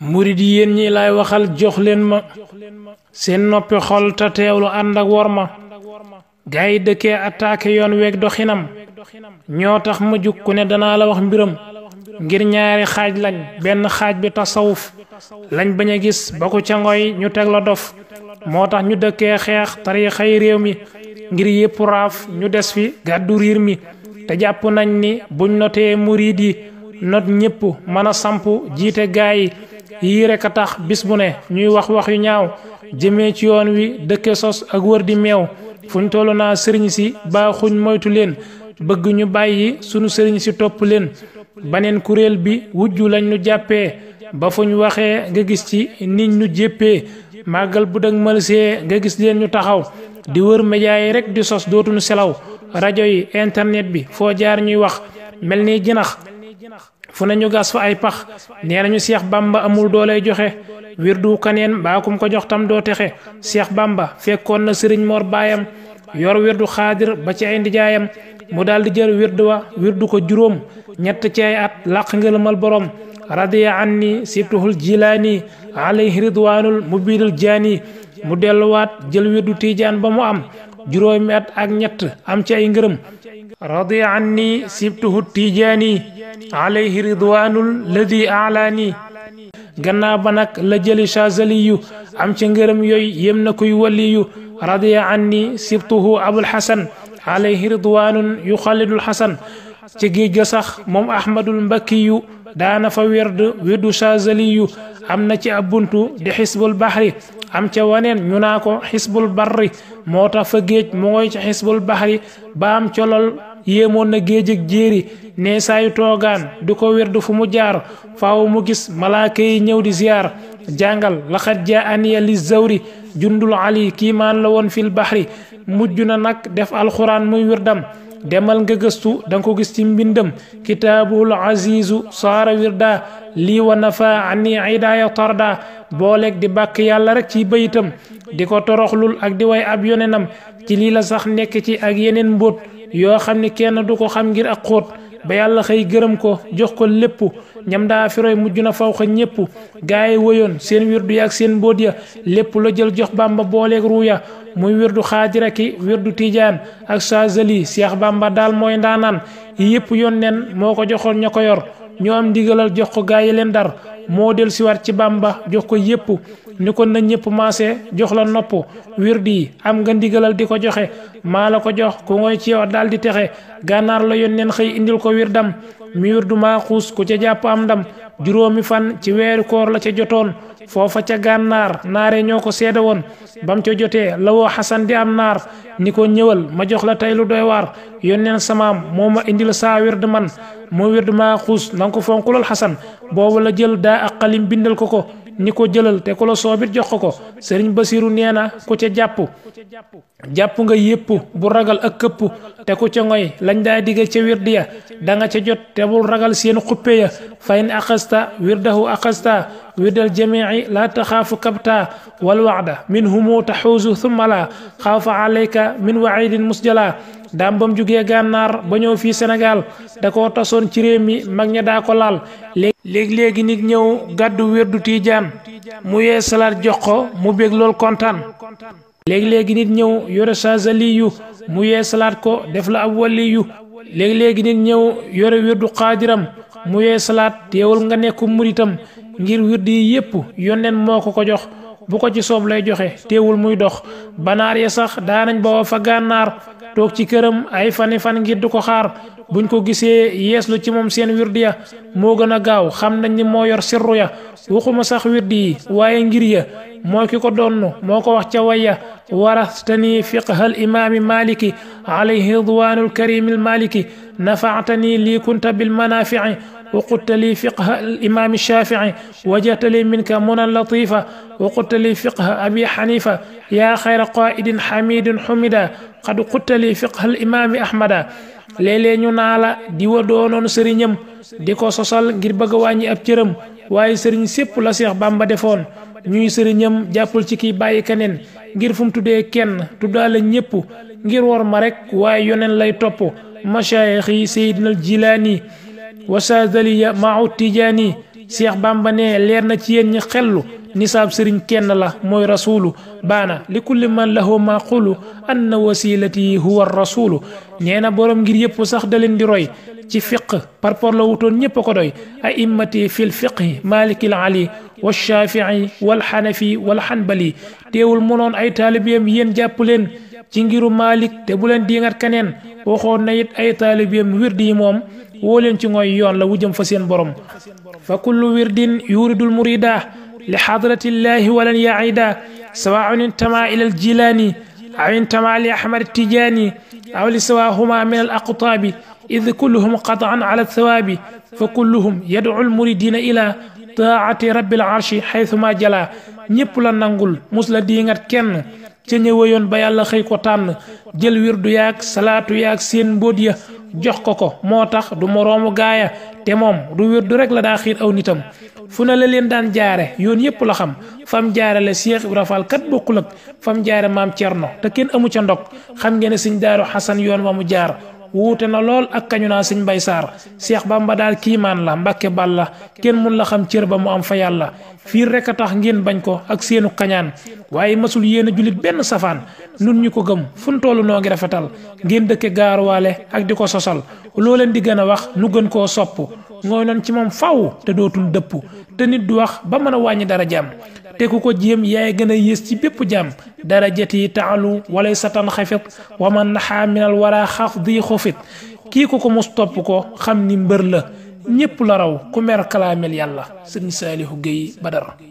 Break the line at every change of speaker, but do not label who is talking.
murit yi yéen ñi lay waxal jox leen ma seen noppi xol te teewlu ànd ak wor ma gaa yi dëkkee attaqué yoon weeg doxinam ñoo tax ma jug ku ne danaa la wax mbiram ngir ñaari xaaj lañ benn xaaj bi tasawuf lañ bañ a gis ba ku ca ñu teg la dof moo tax ñu dëkkee xeex tariixa yi réew mi ngir yépp raaf ñu des fi gàddu riir mi te jàpp nañ ni buñ notee murit yi not ñépp mën a samp jiite gaa yi yii rek a tax bis bu ne ñuy wax wax yu ñaaw jëmee ci yoon wi dëkke sos ak wër di meew fuñ tollu naa sëriñ si baaxuñ moytu leen bëgg ñu bàyyi sunu sëriñ si topp leen baneen kuréel bi wujju lañ nu jàppee ba ñu waxee nga gis ci niñ nu jéppee màggal bu dag malsee nga gis leen ñu taxaw di wër média yi rek di sos dootuñu selaw rajo yi internet bi foo jaar ñuy wax mel ni jinax fu nañu gas fa ay pax nee nañu Seex Bamba amul doolay joxe wirdu kaneen mbaa kum ko jox tam doo texe Seex Bamba fekkoon na Sëriñ Mor baayam yor wirdu xaadir ba ci ay ndijaayam mu daal di jël wirdu wa wirdu ko juróom ñett ci ay at làq ngëlëmal borom radiya anni sibtuhul jilaani alayhi ridwaanul mubiinul jaani mu delluwaat jël wirdu tiijaan ba mu am juróomi at ak ñett am ci ay ngërëm radiya anni sibtuhu tijaani alayhi ridwanul ladi alaani gannaaw ba nag la jëli chazaliyu am ci ngërëm yooyu yem na kuy waliyu radiya anni sibtuhu abul xasan alayhi ridwanun yu xalidul xasan ci géej ga sax moom ahmadul mbakkiyu daana fa werd weddu chazaliyu am na ci ab di xisbul baxri am ca waneen ñu ko xisbul barri moo tax fa géej mooy ca xisbul baxri ba am ca lool yéemoon na géej ak jéeri ne saayu toogaan du ko wér fu mu jaar faaw mu gis malaaka yi ñëw di ziyaar jàngal laxat jaa aniya li zawri jundul ali kiimaan la woon fil baxri mujj na nag def alxuraan muy wirdam demal nga gëstu danga ko gis ci mbindam kitaabul azizu saara wirda lii wa nafa ani idaaya tarda booleeg di bàkk yàlla rek ci bayitam di ko toroxlul ak di way ab yonenam ci lii la sax nekk ci ak yeneen mbóot yoo xam ni kenn du ko xam ngir ak xóot ba yàlla xëy gërëm ko jox ko lépp ñam daa firoy mujj na faw xa ñépp gaay woyoon seen wirdu ya ak seen mbóot ya lépp la jël jox bàmba booleeg ruuya muy wirdu xaadira ki wirdu tijaan ak saazali seex bàmba daal mooy ndaanaan yi yépp yoon neen moo ko joxoon ña ko yor ñoo am ndigalal jox ko gaay leen dar moo del siwaat ci Bàmba jox ko yépp ni ko na ñëpp maase jox la nopp wirdi yi am nga ndigalal di ko joxe maa la ko jox ko ngoy ci yow daal di texe gànnaar la yoon neen xëy indil ko dam wirdam du maa xuus ko ca jàpp am ndam juróomi fan ci weeru koor la ca jotoon foofa ca gànnaar naare ñoo ko seede woon bam ca jotee la xasan di am naar ni ko ñëwal ma jox la tey lu doy waar yónneen samaam moo ma indil saa wird man moo wird maa xuus na nga ko fonkulal xasan boobu la jël daa ak xalim bindal ko ko ni ko jëlal te ku la soobit jox ko ko sëriñ basiru nee na ku ca jàpp jàpp nga yépp bu ragal ak këpp te ku ca ngoy lañ daa digg ca wird ya da nga ca jot te bul ragal seen xuppe ya fa in axasta wirdahu axasta wirdal jamii laa taxaafu kabta wal waxda min humu taxuusu thumma la xaafa alayka min waidin musjala daam bam jugee gànnaar ba ñëw fii senegal da koo tasoon ci réew mi mag ña daa ko laal léegi-léegi nit ñëw gàddu wirdu tiijaan mu yee salaat jox ko mu bég lool kontaan léegi-léegi nit ñëw yore saasaliyu mu yee salaat ko def la ab waliyu léegi-léegi nit ñëw yore wirdu xaadiram mu yee salaat teewul nga nekku muritam ngir wirdu yi yépp yonneen moo ko ko jox bu ko ci soob lay joxe teewul muy dox banaar ya sax daanañ booba fa gànnaar toog ci këram ay fani fan ngir du ko xaar buñ ko gisee yeeslu ci moom seen wirdi ya moo gën a gaaw xam nañ ni moo yor sirru ya waxuma sax wirdi yi waaye ngir ya moo ki ko doonno moo ko wax ca waya warastani fiqha al imaami maliki alayhi ridwanu alkarimi almaliki nafaatani li kunta bilmanafici وقلت لي فقه الإمام الشافعي وجدت لي منك منا لطيفة وقلت لي فقه أبي حنيفة يا خير قائد حميد حمدا قد قلت لي فقه الإمام أحمد léeg-léeg ñu naa di wa doonoon sëriñam di ko sosal ngir bëgg a ab cëram waaye sëriñ sépp la Seex Bàmba defoon ñuy sëriñam jàppul ci kiy bàyyi keneen ngir fu mu tuddee kenn tuddaale ñépp ngir wor ma rekk waaye yoneen lay topp machaayix yi Seydinal Jilaani wasaadaliya maahu Tijaani Seex Bàmba ne leer na ci yéen ñi xellu nisaab sëriñ kenn la mooy rasulu baana li kulli man lahu maqulu anna wasilati huwa rasulu nee na borom ngir yëpp sax da leen di roy ci fiq par rapport la wutoon ñëpp a ko doy a'immati fil fiqhi malikil ali wa shafii wal xanafi wal xanbali teewul mënoon ay taalibeem yéen jàpp leen ci ngiru malik te bu leen diingat keneen waxoon na it ay taalibeem wirdi yi moom woo leen ci ngooy yoon la wujjëm fa seen borom fa kullu wirdin yuridul murida لحضرة الله ولن يعيدا سواء انتمى إلى الجيلاني أو انتمى لأحمد التجاني أو لسواهما من الأقطاب إذ كلهم قطعا على الثواب فكلهم يدعو المريدين إلى طاعة رب العرش حيثما جلا ñépp la nangul mus la diingat kenn ca ñëwayoon ba yàlla xëy ko tànn jël wirdu yaag salaatu yaag seen mbóot ya jox ko ko moo tax du moroomu gaaya te moom du wirdu rek la daa xiir aw nitam fu ne la leen daan jaare yoon yëpp la xam fam jaare la Cheikh Ibra Fall kat bokkul ak fam jaare maam no te kenn amu ca ndog xam ngeen ne sëñ Daaru Xasan yoon wa mu jaar wuute na lool ak kañu naa sëñ Mbay Saar Seex Bamba daal kiimaan la Mbàkke bal la kenn mun la xam cër ba mu am fa yàlla fiir rek a tax ngeen bañ ko ak seenu kañaan waaye masul yéen a jullit benn safaan nun ñu ko gëm fun tollu noo ngi rafetal ngeen dëkke gaaruwaale ak di ko sosal loo leen di gën a wax nu gën koo sopp ngooy loon ci moom faw te dootul dëpp te nit du wax ba mën a wàññi dara jàmm te ku ko jéem yaay gën a yées ci bépp jàmm dara jati taalu sa satan xafit wa man naxaa minal wara xaf di xofit kii ko ko mos topp ko xam ni mbër la ñépp la raw ku mer kalaamel yàlla sëriñ Saalihu Géey Badar